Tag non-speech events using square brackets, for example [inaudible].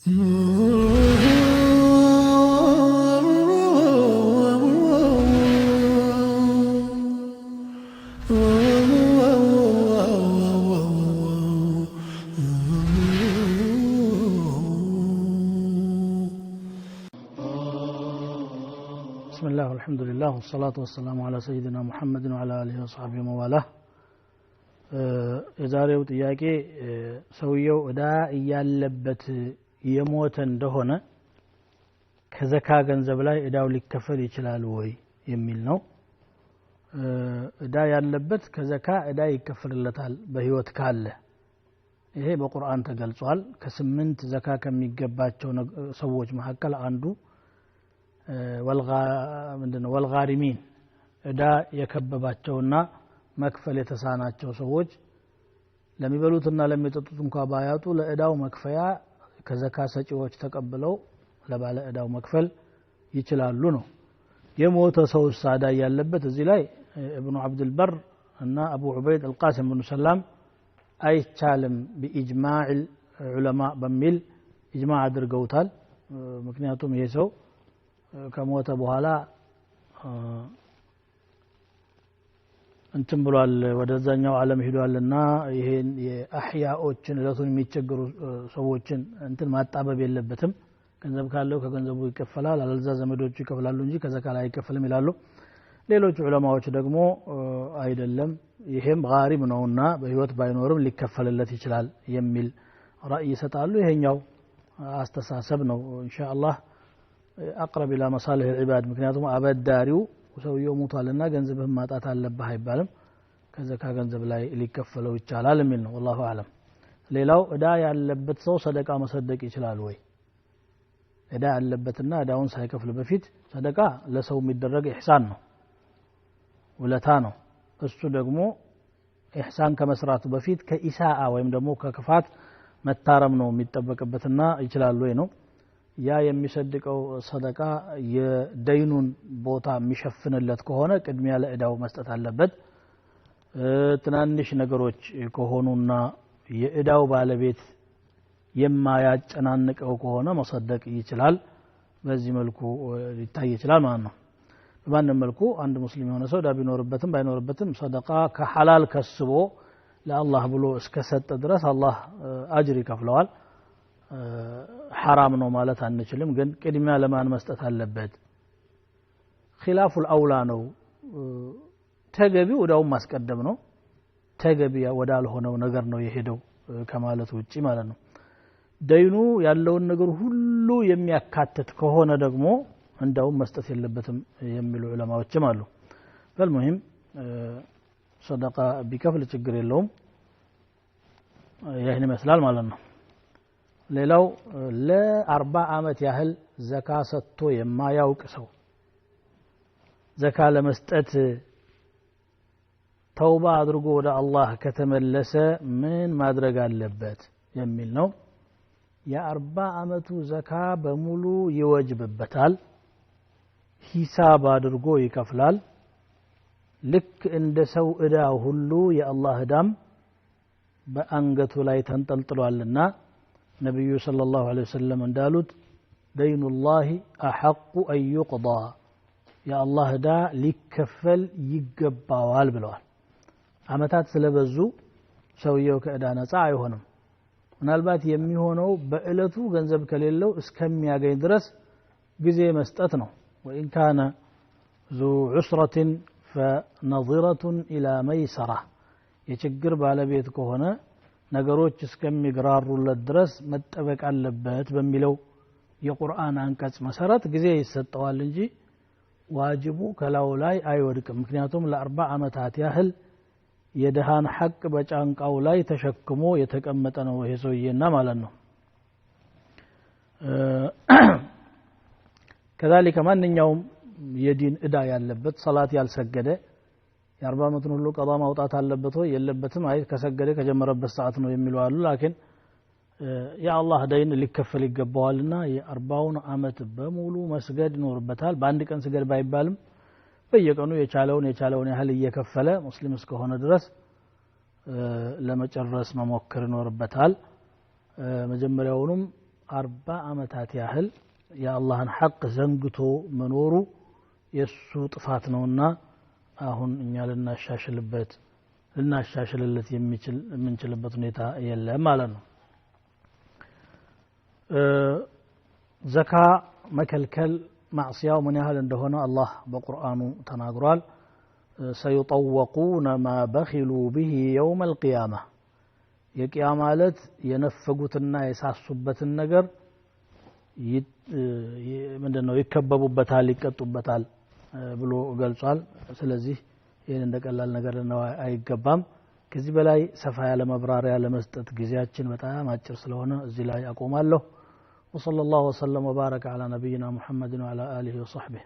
بسم الله والحمد لله والصلاة والسلام على سيدنا محمد وعلى آله وصحبه وموالاه إياكي سويو ሰውየው إيا اللبت የሞተ እንደሆነ ከዘካ ገንዘብ ላይ እዳው ሊከፈል ይችላል ወይ የሚል ነው። እዳ ያለበት ከዘካ እዳ ይከፈልለታል በህይወት ካለ። ይሄ በቁርአን ተገልጿል። ከስምንት ዘካ ከሚገባቸው ሰዎች መካከል አንዱ ወልጋሪሚን እዳ የከበባቸውና መክፈል የተሳናቸው ሰዎች ለሚበሉትና ለሚጠጡት እንኳ ባያጡ ለእዳው መክፈያ ከዘካ ሰጪዎች ተቀብለው ለባለ ዕዳው መክፈል ይችላሉ ነው። የሞተ ሰው ሳዳ ያለበት እዚህ ላይ እብኑ አብድልበር እና አቡ ዑበይድ አልቃሲም እብኑ ሰላም አይቻልም ቢኢጅማዕ ዑለማ በሚል ኢጅማዕ አድርገውታል። ምክንያቱም ይሄ ሰው ከሞተ በኋላ እንትን ብሏል ወደዛኛው ዓለም ሂዷልና ይሄን የአሕያዎችን እለቱን የሚቸገሩ ሰዎችን እንትን ማጣበብ የለበትም። ገንዘብ ካለው ከገንዘቡ ይከፈላል፣ አለዛ ዘመዶቹ ይከፍላሉ እንጂ ከዘካ ላይ አይከፈልም ይላሉ። ሌሎች ዑለማዎች ደግሞ አይደለም ይሄም ጋሪብ ነውና በህይወት ባይኖርም ሊከፈልለት ይችላል የሚል ራእይ ይሰጣሉ። ይሄኛው አስተሳሰብ ነው። እንሻ አላህ አቅረብ ኢላ መሳልህ ልዕባድ ምክንያቱም አበዳሪው ሰውየው ሞቷልና ገንዘብህን ማጣት አለብህ አይባልም ከዘካ ገንዘብ ላይ ሊከፈለው ይቻላል የሚል ነው ወላሁ አለም ሌላው እዳ ያለበት ሰው ሰደቃ መሰደቅ ይችላል ወይ እዳ ያለበትና እዳውን ሳይከፍል በፊት ሰደቃ ለሰው የሚደረግ ኢሕሳን ነው ውለታ ነው እሱ ደግሞ ኢሕሳን ከመስራቱ በፊት ከኢሳአ ወይም ደግሞ ከክፋት መታረም ነው የሚጠበቅበትና ይችላል ወይ ነው ያ የሚሰድቀው ሰደቃ የደይኑን ቦታ የሚሸፍንለት ከሆነ ቅድሚያ ለእዳው መስጠት አለበት። ትናንሽ ነገሮች ከሆኑና የእዳው ባለቤት የማያጨናንቀው ከሆነ መሰደቅ ይችላል። በዚህ መልኩ ሊታይ ይችላል ማለት ነው። በማንም መልኩ አንድ ሙስሊም የሆነ ሰው ዳ ቢኖርበትም ባይኖርበትም ሰደቃ ከሐላል ከስቦ ለአላህ ብሎ እስከሰጠ ድረስ አላህ አጅር ይከፍለዋል። ሐራም ነው ማለት አንችልም። ግን ቅድሚያ ለማን መስጠት አለበት? ኪላፉል አውላ ነው። ተገቢ ወዳውም ማስቀደም ነው። ተገቢ ወዳልሆነው ነገር ነው የሄደው ከማለት ውጭ ማለት ነው። ደይኑ ያለውን ነገር ሁሉ የሚያካትት ከሆነ ደግሞ እንዳውም መስጠት የለበትም የሚሉ ዑለማዎችም አሉ። በልሙሂም ሰደቃ ቢከፍል ችግር የለውም። ይህን ይመስላል ማለት ነው። ሌላው ለአርባ ዓመት ያህል ዘካ ሰጥቶ የማያውቅ ሰው ዘካ ለመስጠት ተውባ አድርጎ ወደ አላህ ከተመለሰ ምን ማድረግ አለበት የሚል ነው። የአርባ ዓመቱ ዘካ በሙሉ ይወጅብበታል። ሂሳብ አድርጎ ይከፍላል። ልክ እንደ ሰው እዳ ሁሉ የአላህ እዳም በአንገቱ ላይ ተንጠልጥሏልና نبي صلى الله عليه وسلم اندالوت دين الله أحق أن يقضى يا الله دا لكفل يقبى والبلوان عمتات سلبزو سو يوك أدانا سعى يهنم ونالبات يمي هونو بألتو غنزب كليلو اسكم يا درس جزي مستأتنا وإن كان ذو عسرة فنظرة إلى ميسرة يتجرب على بيتك هنا ነገሮች እስከሚግራሩለት ድረስ መጠበቅ አለበት በሚለው የቁርአን አንቀጽ መሰረት ጊዜ ይሰጠዋል እንጂ ዋጅቡ ከላዩ ላይ አይወድቅም። ምክንያቱም ለአርባ ዓመታት ያህል የድሃን ሐቅ በጫንቃው ላይ ተሸክሞ የተቀመጠ ነው ይሄ ሰውዬና ማለት ነው። [clears throat] ከዛሊከ ማንኛውም የዲን እዳ ያለበት ሰላት ያልሰገደ የአርባ ዓመቱን ሁሉ ቀባ ማውጣት አለበት ወይ የለበትም አይ ከሰገደ ከጀመረበት ሰዓት ነው የሚሉ አሉ ላኪን የአላህ ደይን ሊከፈል ይገባዋልና የአርባውን አመት በሙሉ መስገድ ይኖርበታል በአንድ ቀን ስገድ ባይባልም በየቀኑ የቻለውን የቻለውን ያህል እየከፈለ ሙስሊም እስከሆነ ድረስ ለመጨረስ መሞከር ይኖርበታል መጀመሪያውኑም አርባ አመታት ያህል የአላህን ሐቅ ዘንግቶ መኖሩ የእሱ ጥፋት ነውና إن التي አሁን እኛ ልናሻሽልበት ልናሻሽልለት የምንችልበት ሁኔታ የለም ማለት ነው ዘካ መከልከል ማዕስያው ምን ያህል እንደሆነ አላህ በቁርአኑ ተናግሯል سيطوقون ما بخلوا به يوم القيامة يكي أمالت ينفقوت الناس عصبة النجر يت... ي... من دنو يكببوا بتالي كتب بتالي ብሎ ገልጿል። ስለዚህ ይህን እንደ ቀላል ነገር ልናየው አይገባም። ከዚህ በላይ ሰፋ ያለ መብራሪያ ለመስጠት ጊዜያችን በጣም አጭር ስለሆነ እዚህ ላይ አቆማለሁ። ወሰለላሁ ወሰለም وبارك ዓላ نبينا ሙሐመድን ወዓላ آله وصحبه